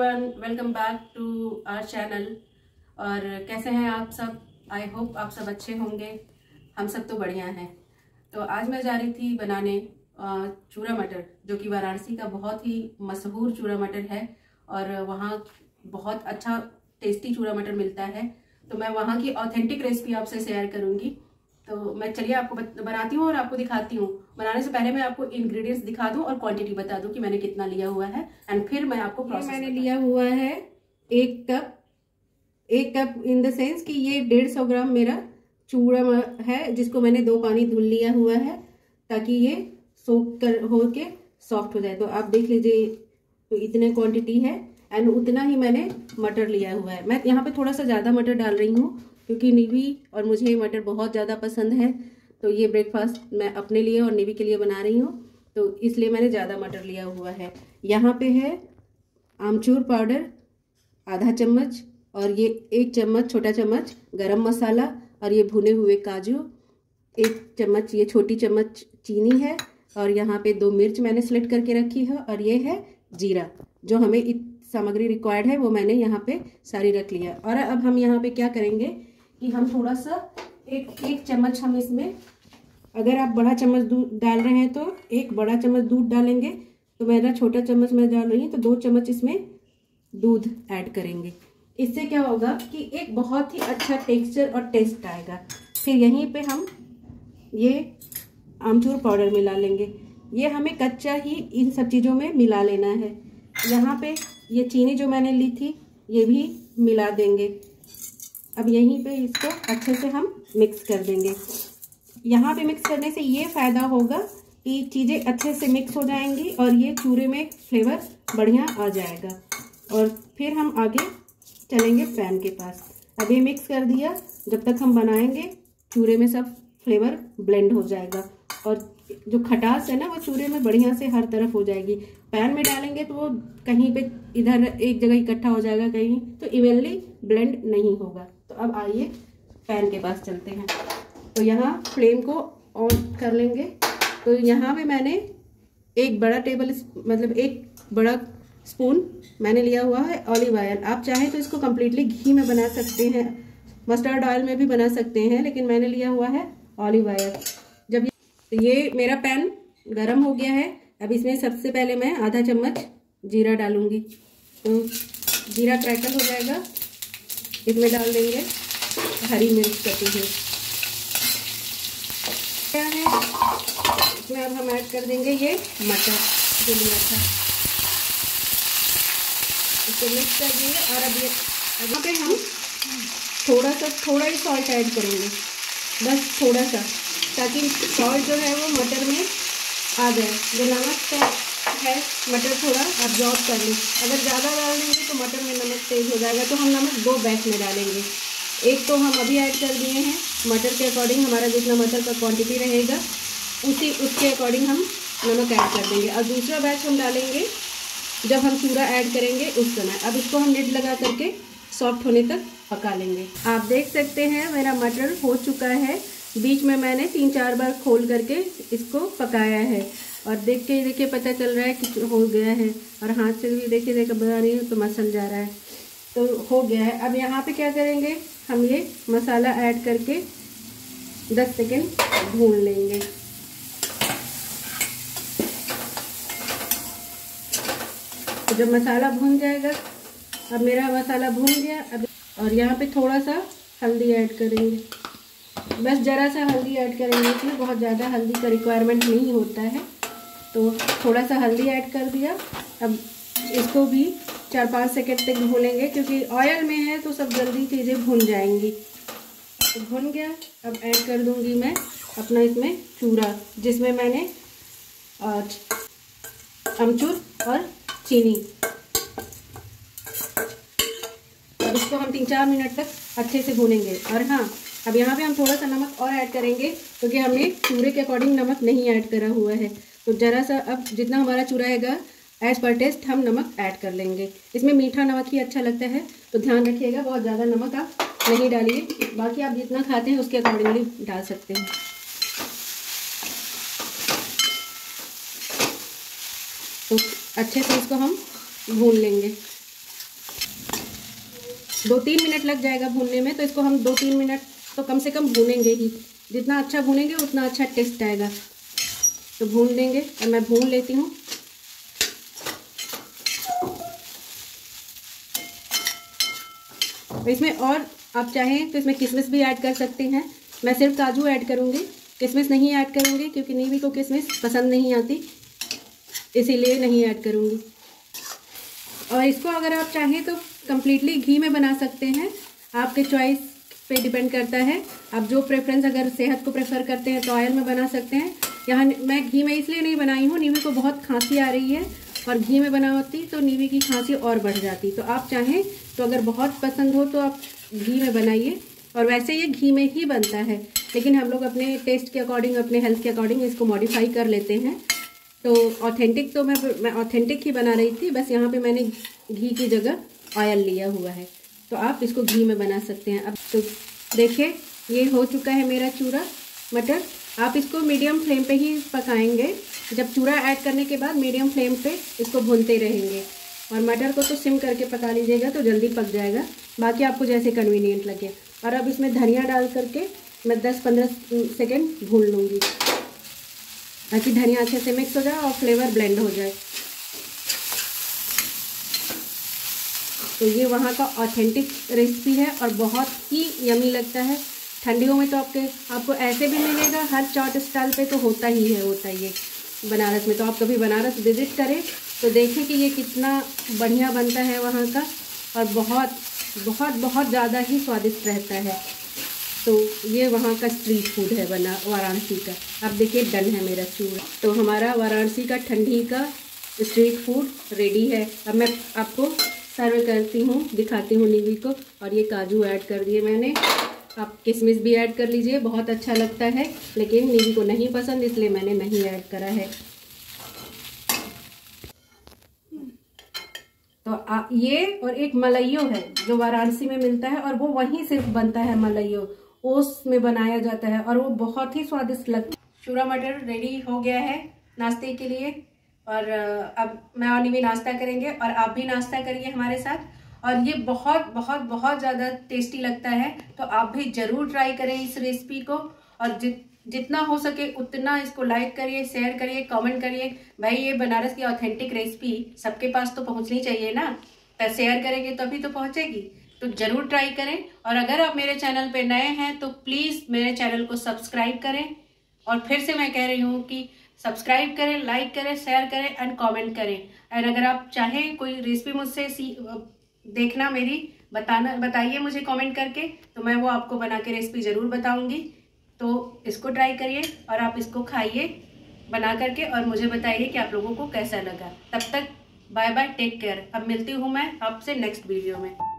everyone welcome back to our channel और कैसे हैं आप सब आई होप आप सब अच्छे होंगे हम सब तो बढ़िया हैं तो आज मैं जा रही थी बनाने चूरा मटर जो कि वाराणसी का बहुत ही मशहूर चूरा मटर है और वहाँ बहुत अच्छा टेस्टी चूरा मटर मिलता है तो मैं वहाँ की ऑथेंटिक रेसिपी आपसे शेयर करूँगी तो मैं चलिए आपको बनाती हूँ और आपको दिखाती हूँ बनाने से पहले मैं आपको इंग्रेडिएंट्स दिखा दूँ और क्वांटिटी बता दूँ कि मैंने कितना लिया हुआ है एंड फिर मैं आपको प्रोसेस मैंने लिया हुआ है एक कप एक कप इन द सेंस कि ये डेढ़ सौ ग्राम मेरा चूड़ा है जिसको मैंने दो पानी धुल लिया हुआ है ताकि ये सोप कर हो के सॉफ्ट हो जाए तो आप देख लीजिए तो इतने क्वांटिटी है एंड उतना ही मैंने मटर लिया हुआ है मैं यहाँ पे थोड़ा सा ज़्यादा मटर डाल रही हूँ क्योंकि निवी और मुझे मटर बहुत ज़्यादा पसंद है तो ये ब्रेकफास्ट मैं अपने लिए और निवी के लिए बना रही हूँ तो इसलिए मैंने ज़्यादा मटर लिया हुआ है यहाँ पे है आमचूर पाउडर आधा चम्मच और ये एक चम्मच छोटा चम्मच गरम मसाला और ये भुने हुए काजू एक चम्मच ये छोटी चम्मच चीनी है और यहाँ पे दो मिर्च मैंने सेलेक्ट करके रखी है और ये है जीरा जो हमें सामग्री रिक्वायर्ड है वो मैंने यहाँ पे सारी रख लिया और अब हम यहाँ पे क्या करेंगे कि हम थोड़ा सा एक एक चम्मच हम इसमें अगर आप बड़ा चम्मच दूध डाल रहे हैं तो एक बड़ा चम्मच दूध डालेंगे तो मेरा छोटा चम्मच मैं डाल रही हूँ तो दो चम्मच इसमें दूध ऐड करेंगे इससे क्या होगा कि एक बहुत ही अच्छा टेक्सचर और टेस्ट आएगा फिर यहीं पे हम ये आमचूर पाउडर मिला लेंगे ये हमें कच्चा ही इन सब चीज़ों में मिला लेना है यहाँ पे ये चीनी जो मैंने ली थी ये भी मिला देंगे अब यहीं पे इसको अच्छे से हम मिक्स कर देंगे यहाँ पे मिक्स करने से ये फ़ायदा होगा कि चीज़ें अच्छे से मिक्स हो जाएंगी और ये चूरे में फ्लेवर बढ़िया आ जाएगा और फिर हम आगे चलेंगे पैन के पास अब ये मिक्स कर दिया जब तक हम बनाएंगे चूरे में सब फ्लेवर ब्लेंड हो जाएगा और जो खटास है ना वो चूरे में बढ़िया से हर तरफ हो जाएगी पैन में डालेंगे तो वो कहीं पे इधर एक जगह इकट्ठा हो जाएगा कहीं तो इवेनली ब्लेंड नहीं होगा तो अब आइए पैन के पास चलते हैं तो यहाँ फ्लेम को ऑन कर लेंगे तो यहाँ पे मैंने एक बड़ा टेबल मतलब एक बड़ा स्पून मैंने लिया हुआ है ऑलिव ऑयल आप चाहे तो इसको कम्प्लीटली घी में बना सकते हैं मस्टर्ड ऑयल में भी बना सकते हैं लेकिन मैंने लिया हुआ है ऑलिव ऑयल जब ये तो मेरा पैन गरम हो गया है अब इसमें सबसे पहले मैं आधा चम्मच जीरा डालूंगी तो जीरा क्रैकल हो जाएगा इसमें डाल देंगे हरी मिर्च कटी हुई क्या है इसमें अब हम ऐड कर देंगे ये मटर जो लिया था इसको मिक्स कर देंगे और अब ये अब पे हम थोड़ा सा थोड़ा ही सॉल्ट ऐड करेंगे बस थोड़ा सा ताकि सॉल्ट जो है वो मटर में आ जाए जो नमक का है मटर थोड़ा अब्जॉर्ब कर लें अगर ज़्यादा डाल देंगे तो मटर में नमक तेज हो जाएगा तो हम नमक दो बैच में डालेंगे एक तो हम अभी ऐड कर दिए हैं मटर के अकॉर्डिंग हमारा जितना मटर का क्वांटिटी रहेगा उसी उसके अकॉर्डिंग हम नमक ऐड कर देंगे और दूसरा बैच हम डालेंगे जब हम चूरा ऐड करेंगे उस समय अब इसको हम लिड लगा करके सॉफ्ट होने तक पका लेंगे आप देख सकते हैं मेरा मटर हो चुका है बीच में मैंने तीन चार बार खोल करके इसको पकाया है और देख के ही देखिए पता चल रहा है कि हो गया है और हाथ से भी देखिए देखिए बना रही हूँ तो मसल जा रहा है तो हो गया है अब यहाँ पे क्या करेंगे हम ये मसाला ऐड करके 10 सेकेंड भून लेंगे तो जब मसाला भून जाएगा अब मेरा मसाला भून गया अब और यहाँ पे थोड़ा सा हल्दी ऐड करेंगे बस ज़रा सा हल्दी ऐड करेंगे इसमें बहुत ज़्यादा हल्दी का रिक्वायरमेंट नहीं होता है तो थोड़ा सा हल्दी ऐड कर दिया अब इसको भी चार पाँच सेकेंड तक भूलेंगे क्योंकि ऑयल में है तो सब जल्दी चीज़ें भुन जाएंगी तो भुन गया अब ऐड कर दूंगी मैं अपना इसमें चूरा जिसमें मैंने अमचूर और चीनी और इसको हम तीन चार मिनट तक अच्छे से भूनेंगे और हाँ अब यहाँ पे हम थोड़ा सा नमक और ऐड करेंगे क्योंकि हमने चूरे के अकॉर्डिंग नमक नहीं ऐड करा हुआ है तो ज़रा सा अब जितना हमारा चुराएगा एज पर टेस्ट हम नमक ऐड कर लेंगे इसमें मीठा नमक ही अच्छा लगता है तो ध्यान रखिएगा बहुत ज़्यादा नमक आप नहीं डालिए बाकी आप जितना खाते हैं उसके अकॉर्डिंगली डाल सकते हैं तो अच्छे से इसको हम भून लेंगे दो तीन मिनट लग जाएगा भूनने में तो इसको हम दो तीन मिनट तो कम से कम भूनेंगे ही जितना अच्छा भूनेंगे उतना अच्छा टेस्ट आएगा तो भून देंगे और मैं भून लेती हूँ इसमें और आप चाहें तो इसमें किसमिस भी ऐड कर सकते हैं मैं सिर्फ काजू ऐड करूँगी किसमिस नहीं ऐड करूँगी क्योंकि नीवी को किसमिस पसंद नहीं आती इसीलिए नहीं ऐड करूँगी और इसको अगर आप चाहें तो कम्प्लीटली घी में बना सकते हैं आपके चॉइस पे डिपेंड करता है आप जो प्रेफरेंस अगर सेहत को प्रेफर करते हैं तो ऑयल में बना सकते हैं यहाँ मैं घी में इसलिए नहीं बनाई हूँ नीवी को तो बहुत खांसी आ रही है और घी में बना होती तो नीवी की खांसी और बढ़ जाती तो आप चाहें तो अगर बहुत पसंद हो तो आप घी में बनाइए और वैसे ये घी में ही बनता है लेकिन हम लोग अपने टेस्ट के अकॉर्डिंग अपने हेल्थ के अकॉर्डिंग इसको मॉडिफाई कर लेते हैं तो ऑथेंटिक तो मैं मैं ऑथेंटिक ही बना रही थी बस यहाँ पे मैंने घी की जगह ऑयल लिया हुआ है तो आप इसको घी में बना सकते हैं अब तो देखिए ये हो चुका है मेरा चूरा मटर आप इसको मीडियम फ्लेम पे ही पकाएंगे जब चूड़ा ऐड करने के बाद मीडियम फ्लेम पे इसको भूनते रहेंगे और मटर को तो सिम करके पका लीजिएगा तो जल्दी पक जाएगा बाकी आपको जैसे कन्वीनियंट लगे और अब इसमें धनिया डाल करके मैं दस पंद्रह सेकेंड भून लूँगी ताकि धनिया अच्छे से मिक्स हो जाए और फ्लेवर ब्लेंड हो जाए तो ये वहाँ का ऑथेंटिक रेसिपी है और बहुत ही यमी लगता है ठंडियों में तो आपके आपको ऐसे भी मिलेगा हर चाट स्टाइल पे तो होता ही है होता ही है बनारस में तो आप कभी बनारस विज़िट करें तो देखें कि ये कितना बढ़िया बनता है वहाँ का और बहुत बहुत बहुत ज़्यादा ही स्वादिष्ट रहता है तो ये वहाँ का स्ट्रीट फूड है बना वाराणसी का अब देखिए डन है मेरा चूड़ा तो हमारा वाराणसी का ठंडी का स्ट्रीट फूड रेडी है अब मैं आपको सर्व करती हूँ दिखाती हूँ नीवी को और ये काजू ऐड कर दिए मैंने आप किशमिश भी ऐड कर लीजिए बहुत अच्छा लगता है लेकिन मेरी को नहीं पसंद इसलिए मैंने नहीं ऐड करा है तो आ, ये और एक मलइयो है जो वाराणसी में मिलता है और वो वहीं सिर्फ बनता है मलइयो ओस में बनाया जाता है और वो बहुत ही स्वादिष्ट लगता है शूरा मटर रेडी हो गया है नाश्ते के लिए और अब मैं और भी नाश्ता करेंगे और आप भी नाश्ता करिए हमारे साथ और ये बहुत बहुत बहुत ज़्यादा टेस्टी लगता है तो आप भी ज़रूर ट्राई करें इस रेसिपी को और जित जितना हो सके उतना इसको लाइक करिए शेयर करिए कमेंट करिए भाई ये बनारस की ऑथेंटिक रेसिपी सबके पास तो पहुंचनी चाहिए ना तो शेयर करेंगे तभी तो, तो पहुंचेगी तो ज़रूर ट्राई करें और अगर आप मेरे चैनल पर नए हैं तो प्लीज़ मेरे चैनल को सब्सक्राइब करें और फिर से मैं कह रही हूँ कि सब्सक्राइब करें लाइक करें शेयर करें एंड कमेंट करें एंड अगर आप चाहें कोई रेसिपी मुझसे सी देखना मेरी बताना बताइए मुझे कमेंट करके तो मैं वो आपको बना के रेसिपी ज़रूर बताऊंगी तो इसको ट्राई करिए और आप इसको खाइए बना करके और मुझे बताइए कि आप लोगों को कैसा लगा तब तक बाय बाय टेक केयर अब मिलती हूँ मैं आपसे नेक्स्ट वीडियो में